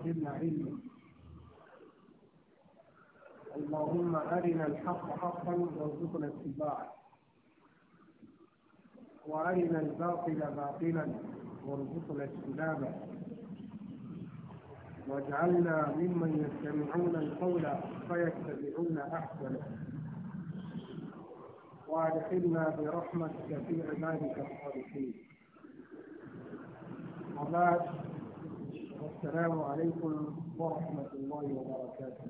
وزدنا علما اللهم أرنا الحق حقا وارزقنا اتباعه وأرنا الباطل باطلا وارزقنا اجتنابه واجعلنا ممن يستمعون القول فيتبعون أحسنه وادخلنا برحمتك في عبادك الصالحين وبعد السلام عليكم ورحمة الله وبركاته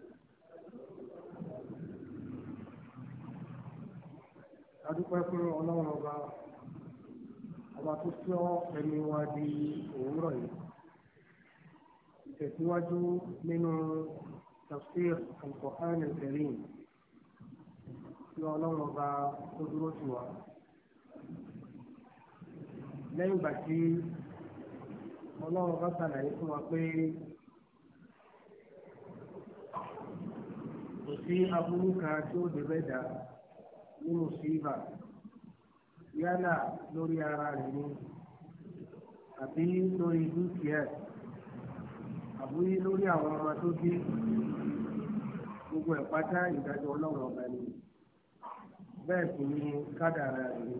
adúpẹ́ fún ọlọ́run ọba ọba tó sọ ẹni wa di òwúrọ̀ yìí ìtẹ̀síwájú nínú tafsir al-Qur'an al-Karim tí ọlọ́run ọba tó dúró tì wá lẹ́yìn ìgbà tí ọlọ́run bá ṣàlàyé fún wa pé kò sí aburú kan tí ó lè bẹ́ẹ̀ dà nínú sílvà yálà lórí ara rẹ̀ ni àbí lórí dúkìá àbí lórí àwọn ọmọ tó bí gbogbo ẹ̀ pátá ìdájọ́ ọlọ́run ọba ni bẹ́ẹ̀ sì ni kádàrá rẹ̀ ni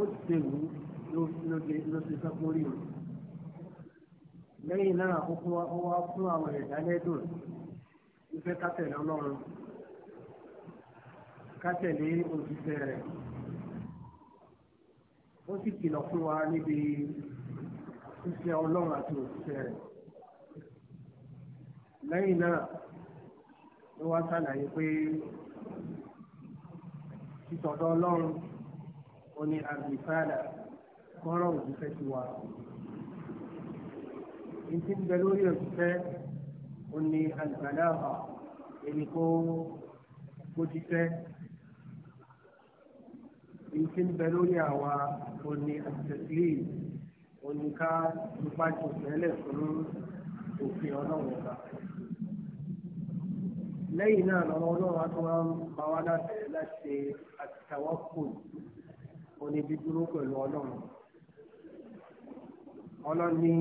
ó ti ṣe wù ú ló ti sọ fún rí o lẹ́yìn náà ó fún wa fún àwọn ẹ̀dá lẹ́dùn ìfẹ́ kátẹ̀lé ọlọ́run kátẹ̀lé òṣìṣẹ́ rẹ̀ ó sì kìlọ̀ fún wa níbi ṣíṣe ọlọ́run àti òṣìṣẹ́ rẹ̀ lẹ́yìn náà ló wá sàlàyé pé títọ̀dọ̀ ọlọ́run ó ní àgbìfáàdà kọ́rọ̀ òjíṣẹ́ ti wà. Ìtì ń bẹ lórí òjíṣẹ́ ó ní àgbàdàbà èyí kó kó jíṣẹ́. Ìtì ń bẹ lórí àwa ó ní àtẹ̀sílì ó ní ká nípa jòsẹ́lẹ̀ fún òfin ọlọ́run ọba. Lẹ́yìn náà lọ́wọ́ ọlọ́run á tún wá ń pa wá láti ṣe àtàwọ́kùn onídìdúró pẹ̀lú ọlọ́run ọlọ́ni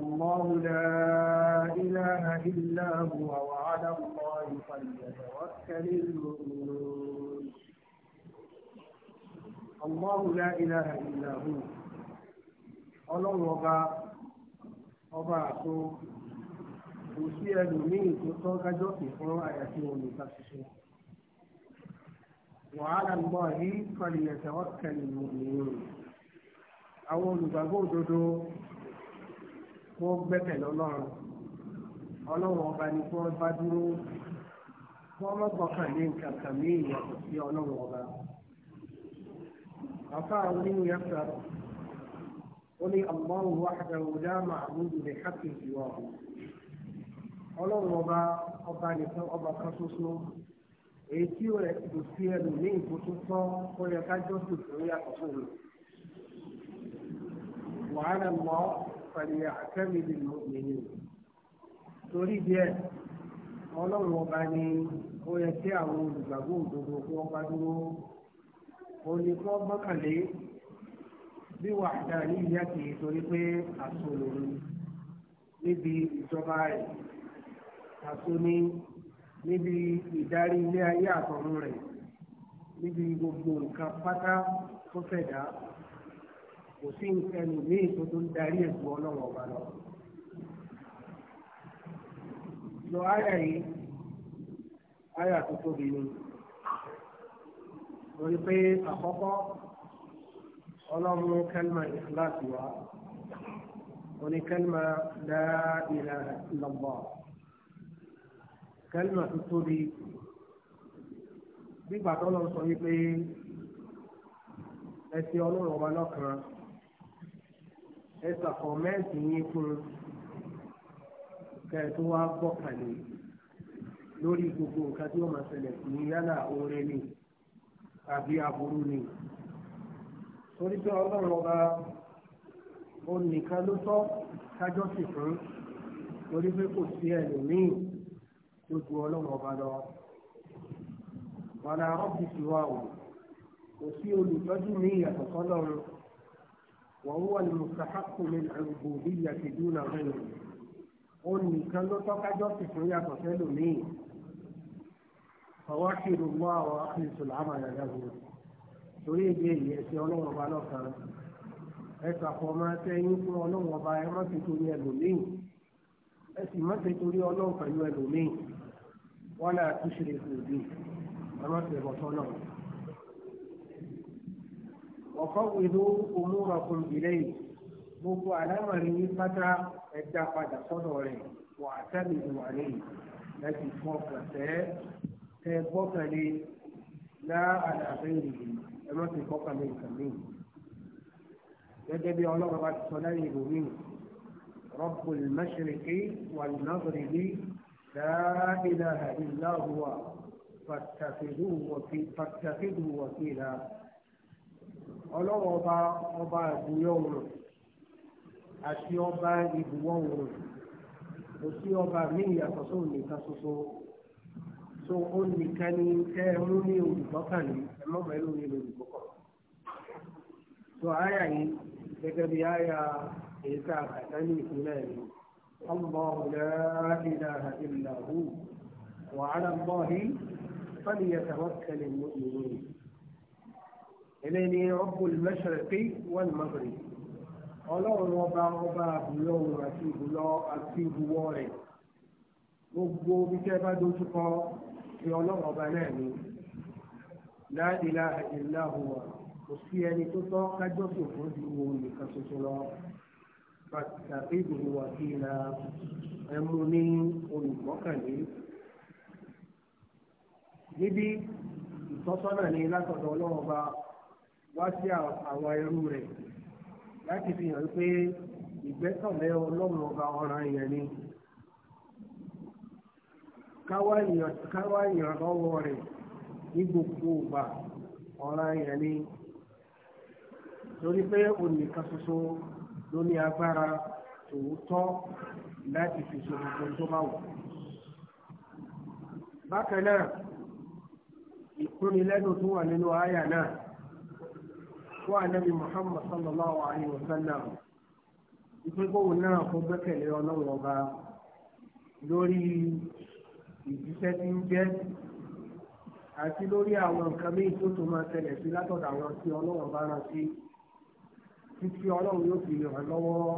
الله لا إله إلا هو وعلى الله فليتوكل المؤمنون الله لا إله إلا هو ọlọ́run ọba ọba àtò kò sí ẹlòmíì tó tọ́ kájọ́ pè fún àyàfi olùkà ṣiṣẹ́ wàhálà ń bọ̀ yìí kọ́ni ẹ̀sẹ̀ wọ́n kẹ́lẹ̀ lòmìnira. àwọn olùgbàgbọ́ òdodo kó gbẹ́kẹ̀ lọ́lọ́run ọlọ́run ọba ni kí wọ́n bá dúró kí wọ́n ní nǹkan kan ní ìyàtọ̀ sí ọlọ́run ọba. afa nínú yàtọ̀ ó ní àmọ́rù wàhálà òdà màmúdù lè hàkì ìwà ọ̀hún. ọlọ́run ọba ọba nìkan ọba kan وعلى الله فليعتمد المؤمنين تريد ọlọ́run ọba ni ó yẹ kí àwọn olùgbàgbọ́ òdodo kí wọ́n dúró òní kí wọ́n gbọ́kànlé bí wàhálà ní ìyá kì torí pé àṣọ lòun níbi ìjọba rẹ̀ àṣọ níbi ìdarí ilé ayé níbi gbogbo nǹkan pátá tó fẹ̀dá kò sí nǹkan míì tó tó ń darí ẹ̀gbọ́n ọlọ́run ọba lọ. lọ àyà yìí àyà tó tóbi ni lórí pé àkọ́kọ́ ọlọ́run kẹ́lìmà ìfúláàsì wa oní kẹ́lìmà dáìlà lọ́gbọ̀ kẹ́lìmà tó tóbi bí gbàtọ́ lọ sọ wípé ẹsẹ̀ ọlọ́run ọba lọ́kàn ẹ sàkọ̀mẹ́ǹtì yín fún kẹ́ ẹ tó wá gbọ́kànlé lórí gbogbo nǹkan tí ó máa ṣẹlẹ̀ sí yálà oore ni àbí aburú ni. torí pé ọlọ́run ọba onìkan ló tọ́ kájọ́ sì fún torí pé kò sí ẹlòmíì tó ju ọlọ́run ọba lọ. wàlá rọ́bì sí wa o kò sí olùtọ́jú mi ìyàtọ̀ sọ́lọ́run. وهو المستحق للعبودية دون غيره ونكن تقدر تسوية تسأل مين فوحد الله وأخلص العمل له تريد إيه يسأل الله لك أتقوما تنين الله وبايما تتوني ألومين أسمى تتوني الله فيو ألومين ولا تشركوا به أما تبطلون وفوضوا أموركم إليه gbogbo àlámọ̀rin yín pátá ẹja padà sọ́dọ̀ rẹ̀ wà á sábì ní wà lẹ́yìn láti fún ọkàn tẹ́ tẹ gbọ́kànlé lá àlàfẹ́ ìrìlì ẹ má ti gbọ́kànlé nǹkan mìíràn. gẹ́gẹ́ bí ọlọ́run bá ti sọ láyé ìròyìn rọ́pò ìmọ̀ṣẹ̀lẹ̀kẹ́ wà lọ́sọ̀rẹ̀ ní dáadáa ìlàhà ìlàhùwà pàtàkì ìlú wọ̀kìlà ọlọ́wọ́ ọba ọba ìbúyọ́ òun àti ọba ìbúwọ́ òun kò sí ọba míì yàtọ̀ sóun nìkan ṣoṣo so ó nìkan ní kẹ́ ẹ mú ní olùgbọ́kànlé ẹ mọ̀mọ́ ẹ lórí olùgbọ́kàn so àyà yìí gẹ́gẹ́ bí àyà èyí tá a kà ìpínlẹ̀ yìí ọlọ́run lẹ́ẹ̀ẹ́dì náà ìlà hù wàhálà mọ́ọ̀hí yẹ tàwọn kẹlẹ̀ mọ́ ìròyìn eléyìí ni Rabbul Mashriqi wal Maghrib ọlọ́run ọba ọba àbúrò òun àti ìbúlọ àti ìbúwọ́ rẹ̀ gbogbo bí tẹ́ bá dojú kọ ti ọlọ́run ọba náà ni la ilaha illa huwa kò sí ẹni tó tọ́ kájọ́sìn fún ju òun nìkan ṣoṣo lọ pàtàkì ìdòwò wàkìlà ẹmu ní olùgbọ́kànlé níbi ìtọ́sọ́nà ni látọ̀dọ̀ ọlọ́run ọba. wá sí àwọn ẹrú ya láti fi hàn pé ìgbẹ́kànlé ọlọ́run ọba ọ̀ràn yẹn ni káwá ìrànlọ́wọ́ rẹ̀ ní gbogbo ìgbà ọ̀ràn yẹn ni torí pé onìkan ṣoṣo ló ní agbára tòótọ́ láti fi ṣe gbogbo tó bá wù. bákan náà ìkúnilẹ́nu tó wà nínú àyà náà. fún anabi muhammad sallallahu alayhi wa sallam ìpínpọ̀wò náà kó gbẹ́kẹ̀lé ọlọ́run ọba lórí ìjíṣẹ́ tí ń jẹ́ àti lórí àwọn nǹkan méjì tó máa tẹ̀lẹ̀ sí látọ̀dọ̀ àwọn tí ọlọ́run bá rán títí ọlọ́run yóò fi ràn lọ́wọ́